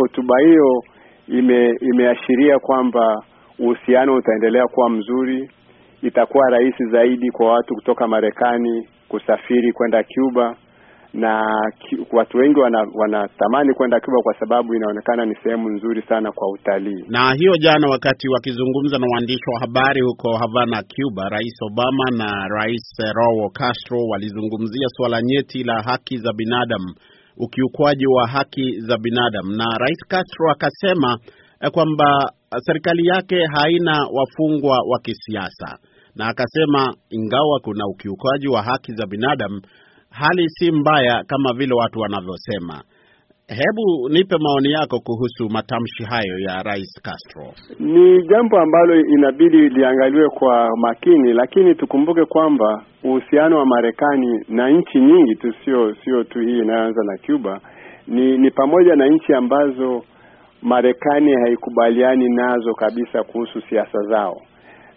hotuba hiyo ime, imeashiria kwamba uhusiano utaendelea kuwa mzuri. Itakuwa rahisi zaidi kwa watu kutoka Marekani kusafiri kwenda Cuba na watu wengi wanatamani wana kwenda Cuba kwa sababu inaonekana ni sehemu nzuri sana kwa utalii. Na hiyo jana, wakati wakizungumza na waandishi wa habari huko Havana, Cuba, Rais Obama na Rais Raul Castro walizungumzia suala nyeti la haki za binadamu ukiukwaji wa haki za binadamu, na Rais Castro akasema eh, kwamba serikali yake haina wafungwa wa kisiasa, na akasema ingawa kuna ukiukwaji wa haki za binadamu, hali si mbaya kama vile watu wanavyosema. Hebu nipe maoni yako kuhusu matamshi hayo ya Rais Castro. Ni jambo ambalo inabidi liangaliwe kwa makini, lakini tukumbuke kwamba uhusiano wa Marekani na nchi nyingi tu, sio sio tu hii inayoanza na Cuba, ni ni pamoja na nchi ambazo Marekani haikubaliani nazo kabisa kuhusu siasa zao,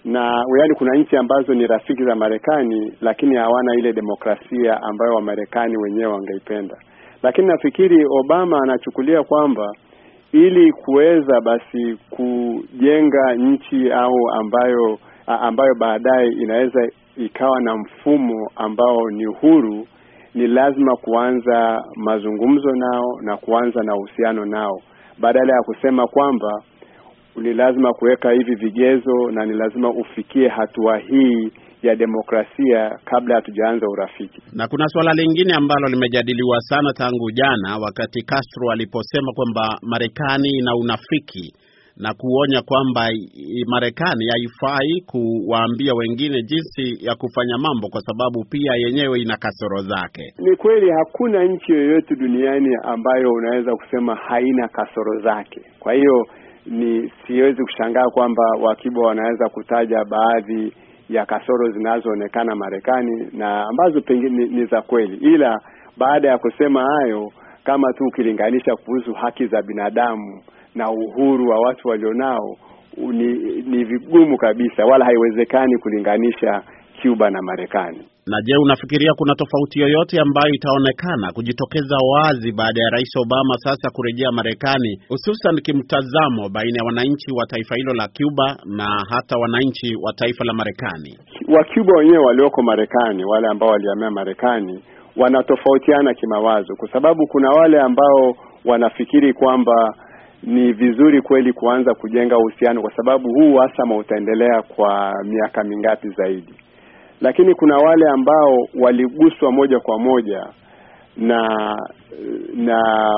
na yaani kuna nchi ambazo ni rafiki za Marekani, lakini hawana ile demokrasia ambayo Wamarekani wenyewe wangeipenda. Lakini nafikiri Obama anachukulia kwamba ili kuweza basi kujenga nchi au ambayo ambayo baadaye inaweza ikawa na mfumo ambao ni huru, ni lazima kuanza mazungumzo nao na kuanza na uhusiano nao, badala ya kusema kwamba ni lazima kuweka hivi vigezo na ni lazima ufikie hatua hii ya demokrasia kabla hatujaanza urafiki. Na kuna suala lingine ambalo limejadiliwa sana tangu jana, wakati Castro aliposema kwamba Marekani ina unafiki na kuonya kwamba Marekani haifai kuwaambia wengine jinsi ya kufanya mambo kwa sababu pia yenyewe ina kasoro zake. Ni kweli hakuna nchi yoyote duniani ambayo unaweza kusema haina kasoro zake. Kwa hiyo ni siwezi kushangaa kwamba wakibwa wanaweza kutaja baadhi ya kasoro zinazoonekana Marekani na ambazo pengine ni za kweli, ila baada ya kusema hayo, kama tu ukilinganisha kuhusu haki za binadamu na uhuru wa watu walionao ni, ni vigumu kabisa wala haiwezekani kulinganisha Cuba na Marekani. Na je, unafikiria kuna tofauti yoyote ambayo itaonekana kujitokeza wazi baada ya Rais Obama sasa kurejea Marekani, hususan kimtazamo baina ya wananchi wa taifa hilo la Cuba na hata wananchi wa taifa la Marekani? Wa Cuba wenyewe walioko Marekani, wale ambao walihamia Marekani, wanatofautiana kimawazo, kwa sababu kuna wale ambao wanafikiri kwamba ni vizuri kweli kuanza kujenga uhusiano, kwa sababu huu uhasama utaendelea kwa miaka mingapi zaidi? lakini kuna wale ambao waliguswa moja kwa moja na na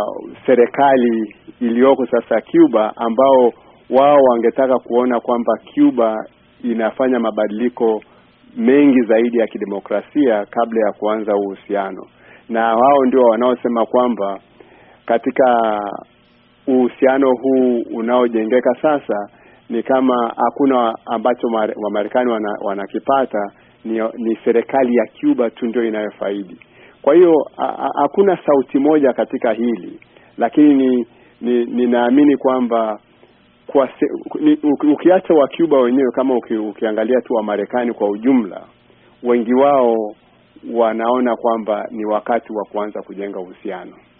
serikali iliyoko sasa Cuba, ambao wao wangetaka kuona kwamba Cuba inafanya mabadiliko mengi zaidi ya kidemokrasia kabla ya kuanza uhusiano, na wao ndio wanaosema kwamba katika uhusiano huu unaojengeka sasa ni kama hakuna ambacho Wamarekani wanakipata wana ni, ni serikali ya Cuba tu ndio inayofaidi. Kwa hiyo hakuna sauti moja katika hili, lakini ninaamini ni, ni kwamba kwa ukiacha wa Cuba wenyewe kama uki, ukiangalia tu wa Marekani kwa ujumla, wengi wao wanaona kwamba ni wakati wa kuanza kujenga uhusiano.